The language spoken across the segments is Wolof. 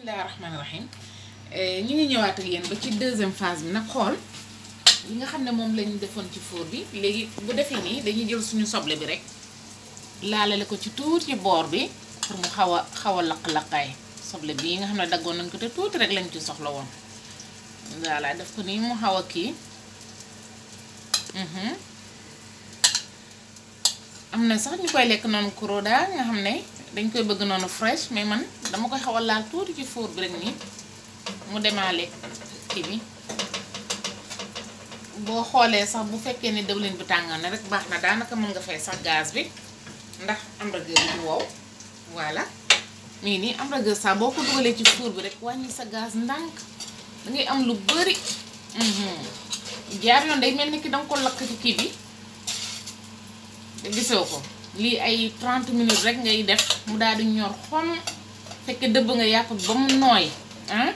bismillah rahmaani rahim ñu ngi ñëwaat ak yéen ba ci deuxième phase bi nag xool li nga xam ne moom lañu defoon ci four bi léegi bu defee nii dañuy jël suñu soble bi rek laalale ko ci tuuti boor bi pour mu xaw a xaw a laq-laqaay soble bii nga xam ne daggoon nañ ko te tuuti rek lañ ci soxla woon voilà def ko nii mu xaw a kii am na sax ñu koy lekk noonu kuroda nga xam ne dañ koy bëgg noonu fraîche mais man dama koy xaw a laal tuuti ci four bi rek nii mu demaale kii bi boo xoolee sax bu fekkee ne dëwlin bi tàngal na rek baax na daanaka mën nga fay sax gaz bi ndax am bi du wow voilà mii nii hamburger sax boo ko dugalee ci four bi rek wàññi sa gaz ndànk da ngay am lu bari mhm. jaar yoon de mel ni ki danga ko lakk ci kii bi te gisoo ko lii ay trent minutes rek ngay def mu daal di ñor xom fekk dëbb nga yàpp bi ba mu nooy ah,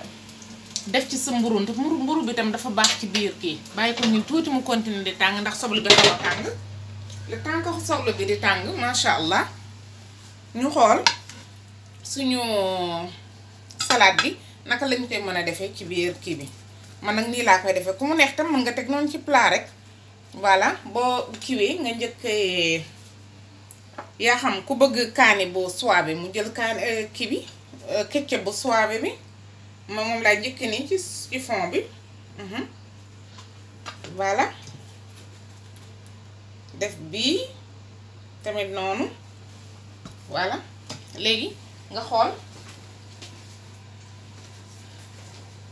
def ci sa mburu te mburu mburu bi tam dafa baax ci biir kii bàyyi ko ñu tuuti mu continuer di tàng ndax soblu bi xaw a bi di tàng macha allah ñu xool suñu salaat gi naka lañ koy mën a defee ci biir kii bi man nag nii laa koy defee ku mu neex tam mën nga teg noonu ci plat rek voilà boo kiwee nga njëkkee yaa xam ku bëgg kaani bu soive mu jël kaani euh, kii bi euh, kecce bu soive mi ma moom laa njëkk nii ci fond bi mhm. voilà def bii tamit noonu voilà léegi nga xool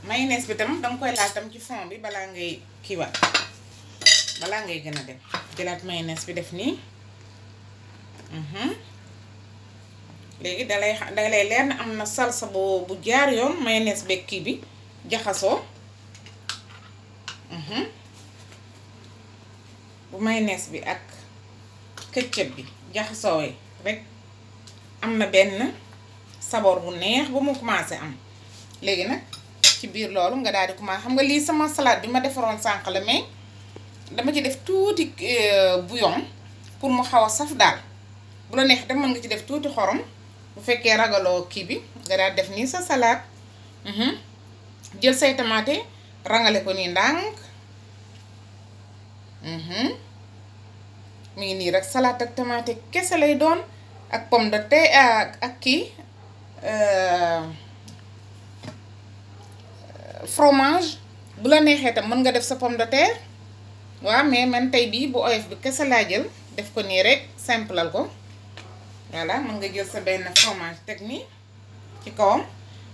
mayonnaise bi tam dam koy laal tam ci fond bi balaa ngay kiiwaat balaa ngay gën a dem jëlaat mayonnaise bi def nii Mm-hmm. léegi dalay xa dalay leer na am na salsa bu bu jaar yoon mayonnaise beeg kii bi jaxasoo mm-hmm. bu nees bi ak ketchup bi jaxasoo yi rek am na benn saboor bu neex bu ma commencé am léegi nag ci biir loolu nga daal di commencé xam nga lii sama salaat bi ma defaroon sànqale la mais dama ci def tuuti euh, bouillon pour mu xaw a saf daal. bu la neex mën nga ci def tuuti xorom bu fekkee ragaloo kii bi nga def nii sa salade mhm. jël say tamaate rangale ko nii ndànk mu mhm. ngi nii rek salade ak kese lay doon ak pomme de terre ak kii euh, fromage bu la neexee tam mën nga def sa pomme de terre waaw mais man tey bii bu oyof bi kese laa jël def ko nii rek simplal ko voilà mën nga jël sa benn fromage teg nii ci kawam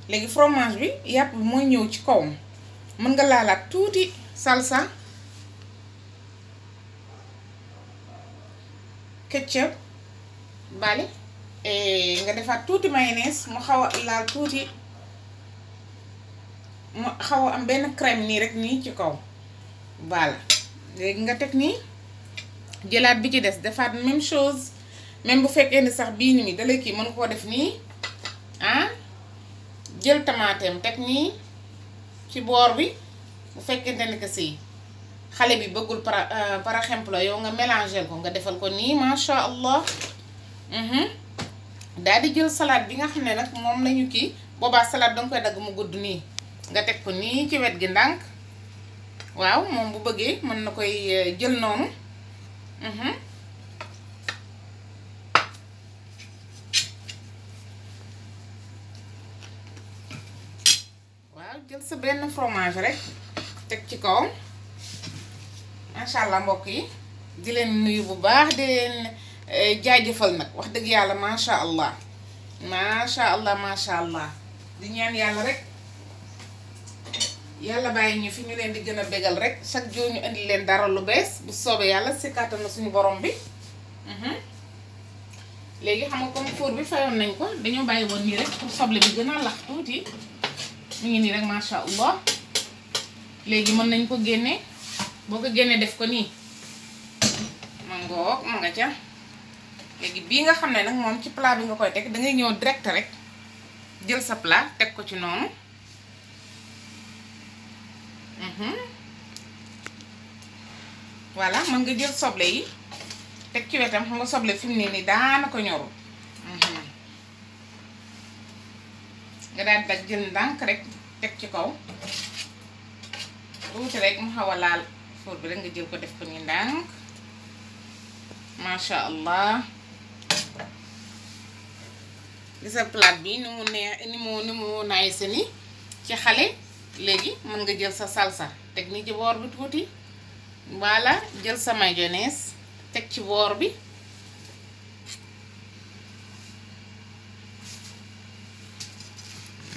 léegi fromage bi yàpp bi mooy ñëw ci kawam mën nga laalaat tuuti salsa ketchup bale nga defaat tuuti mayonnaise mu xaw a laal tuuti mu xaw am benn crème nii rek nii ci kaw voilà léegi nga teg nii jëlaat bi ci des defaat même chose même bu fekkee ne sax bii nii da lay kii mën koo def ni han ah, jël tamaateem tek ni ci bor bi bu fekkente ne que si xalé bi bëggul par euh, par exemple yow nga mélanger ko nga defal ko ma sha allah mhm. daal di jël salade bi nga xamné nak mom lañu ki boba salade dang koy dag mu gudd ni nga tek ko ni ci wét gi ndank waaw mom bu bëggé mën na koy euh, jël noonu. Mhm. sa benn fromage rek tek ci kaw machallah mbok yi di len nuyu bu baax di len jajeufal nak wax deug yàlla machallah machallah machallah di ñaan yàlla rek yàlla baye ñu fi ñu len di gëna bégal rek chaque jour ñu andi len dara lu bees bu soobé yàlla ci kàttan na suñu borom bi léegi xam nga comme four bi fayon nañ ko dañu bàyyi woon nii rek pour soble bi gëna lax touti mu ngi nii rek macha allah léegi mën nañ ko génne boo ko génnee def ko nii mangoog ma nga jël léegi bii nga xam ne nag moom ci plat bi nga koy teg dangay ñëw direct rek jël sa plat teg ko ci noonu mhm. voilà mën nga jël soble yi teg ci wetam xam nga soble fi mu ne nii daana ko ñorul nga daal daj jël ndànk rek teg ci kaw tuuti rek mu xaw a laal four bi rek nga jël ko def ko ni ndànk macha allah gisa plate bi ni mu neex ni mu ni mu naay ni ci xale léegi mën nga jël sa salsa teg ni ci boor bi tuuti walla jël sama mayonnaise teg ci boor bi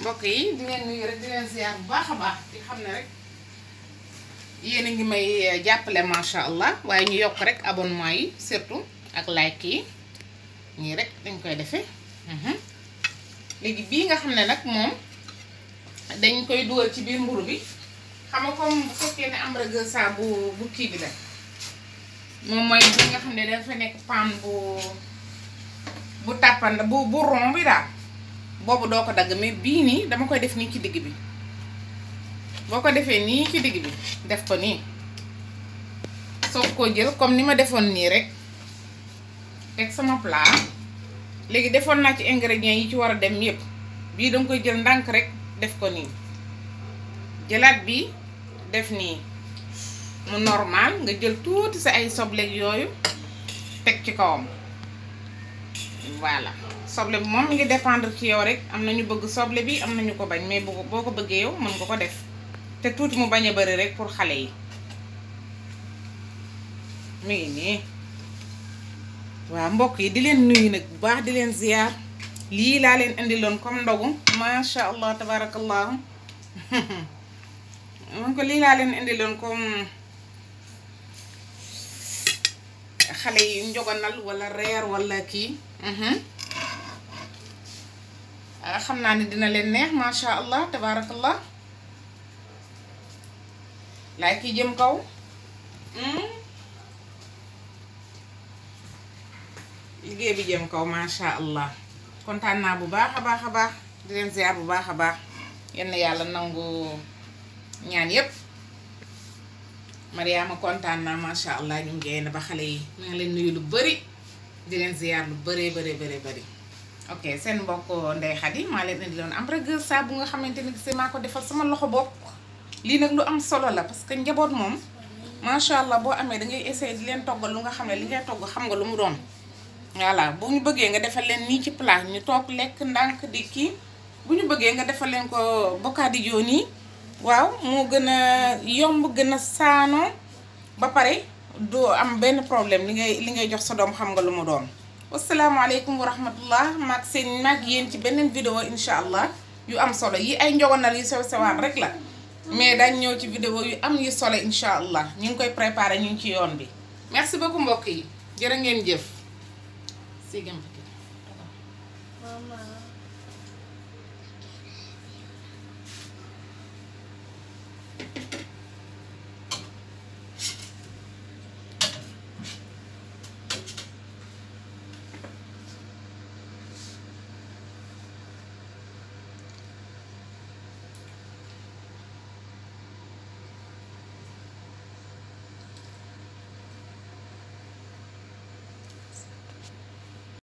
mbokk yi di leen nuyu rek bu baax a baax di xam ne rek yéen a ngi may eh, jàppale macha allah waaye ñu yokk rek abonnement yi surtout ak like yi ñii rek dañ koy defee mhm. léegi bii nga xam ne nag moom dañ koy dugal ci biir mburu bi xam nga comme bu fekkee bu kii bi la moom mooy bi nga xam ne dafa nekk paan bu bu tàppand bu bu rond bi daal. boobu doo ko dagg mais bii nii dama koy def nii ci digg bi boo ko defee nii ci digg bi def ko nii soog koo jël comme ni ma defoon nii rek teg sama plat léegi defoon naa ci ingrédients yi ci war a dem yépp bii danga koy jël ndànk rek def ko nii jëlaat bi def nii mu normal nga jël tuuti sa ay sobleeg yooyu teg ci kawam voilà soble bi moom mi ngi dépendre ci yow rek am na ñu bëgg soble bi am na ñu ko bañ mais boo ko bëggee yow mën nga ko def te tuuti mu bañ a bari rek pour xale yi mi ngi nii waaw mbokk yi di leen nuyu nag bu baax di leen ziyaar lii laa leen indiloon comme ndogu macha allah tabarakallah man ko lii laa leen indiloon comme xale yi njogonal wala reer wala kii. Mhm. xamna ni dina len neex sha allah tabarakallah lay ki jëm kaw hmm? ligé bi jëm kaw sha allah kontana bu baakha baakha baax di len ziar bu baakha baax yenn yalla nangu ñaan yépp Mariama ma sha allah ñu ngeen ba xalé yi maa ngi leen nuyu lu bari di len ziar lu ok seen mbokk Ndeye Khady maa leen indiloon am rek saa bu nga xamante ni gisee maa ko defal sama loxo bopp lii nag lu am solo la parce que njaboot moom macha allah boo amee da ngay essayer di leen toggal lu nga xam ne li ngay togg xam nga lu mu doon. voilà bu ñu bëggee nga defal leen nii ci plat ñu toog lekk ndànk di kii bu ñu bëggee nga defal leen ko bocadillo nii waaw moo gën a yomb gën a saano ba pare am benn problème li ngay li ngay jox sa doom xam nga lu mu doon. wasalaamaaleykum wa rahmatullah maag seen maag yéen ci beneen vidéo incha allah yu am solo yi ay njogonal yu sew sewaan rek la mais dañ ñëw ci vidéo yu am yu solo incha allah ñu ngi koy préparé ñu ngi ci yoon bi merci beaucoup mbokk yi jërë ngeen jëf